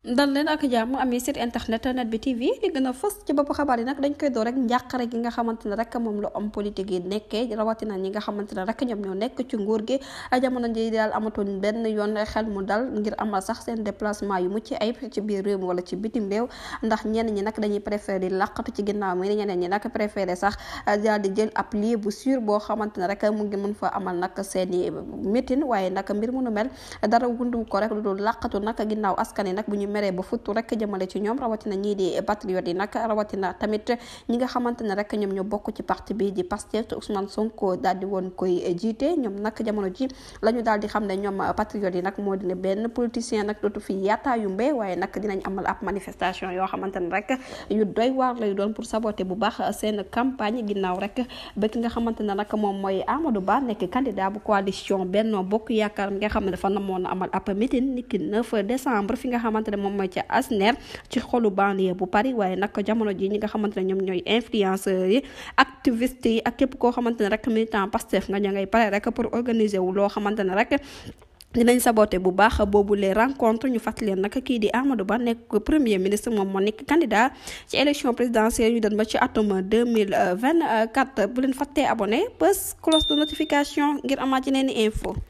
dal leen ak jàmm ami site internet net bi tv li gën a fës nga xamante ne rek moom ne rek ñoom nekk ci nguur gi jamono ji daal amatoon benn yoon xel mu dal ngir amal sax seen déplacement yu mucc ayib ci biir réew mi wala ci bitim réew ndax ñenn ñi nag dañuy préféré di làqatu ci ginnaaw mi ñeneen ñi nag préféré sax daal di jël ab lieu bu sûr boo xamante ne rek mu ngi mun fa amal nag seen i meeting waaye nag mbir mu nu mel dara wundu ko rek lu dul làqatu nag ginnaaw askan yi mere ba futtu rek jëmale ci ñoom rawatina ñii di patriote yi nag rawatina tamit ñi nga xamante rek ñoom ñoo bokk ci parti bi di Pastef te Ousmane Sonko woon koy jiite ñoom nag jamono ji la daal di xam ne ñoom patriote yi nag bu baax seen campagne ginnaaw rek ba ki nga xamante ne nag moom mooy Amadou Ba nekk candidat bu coalition Benno Bokk Yaakaar mi nga xam ne dafa namoon amal ab meeting niki 9 décembre fi nga xamante moom ma ca Asner ci xolu banlieue bu Paris waaye nag jamono ji ñi nga xamante ne ñoom ñooy influenceurs yi activistes yi ak képp koo xamante ne rek militant Pastef nga ña ngay pare rek pour organiser wu loo xamante ne rek. dinañ saboté bu baax boobu les rencontres ñu fàttali leen nag kii di Amadou Ba nekk premier ministre moom moo nekk candidat ci élection présidentielle ñu dem ba ci atum deux mille vingt quatre bu leen fàttee abonné bés cloche de notification ngir amaat yeneen info